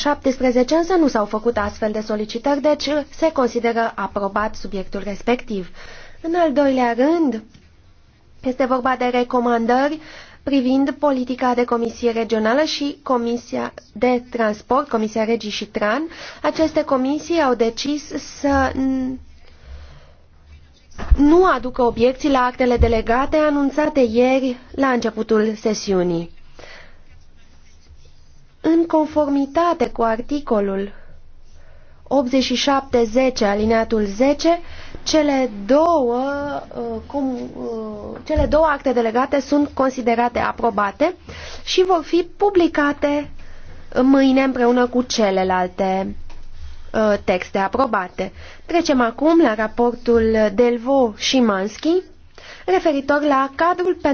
17 însă nu s-au făcut astfel de solicitări, deci se consideră aprobat subiectul respectiv. În al doilea rând, este vorba de recomandări privind politica de comisie regională și Comisia de Transport, Comisia Regii și Tran. Aceste comisii au decis să nu aducă obiecții la actele delegate anunțate ieri la începutul sesiunii conformitate cu articolul 87.10, alineatul 10, cele două, uh, cum, uh, cele două acte delegate sunt considerate aprobate și vor fi publicate mâine împreună cu celelalte uh, texte aprobate. Trecem acum la raportul delvo Mansky referitor la cadrul pe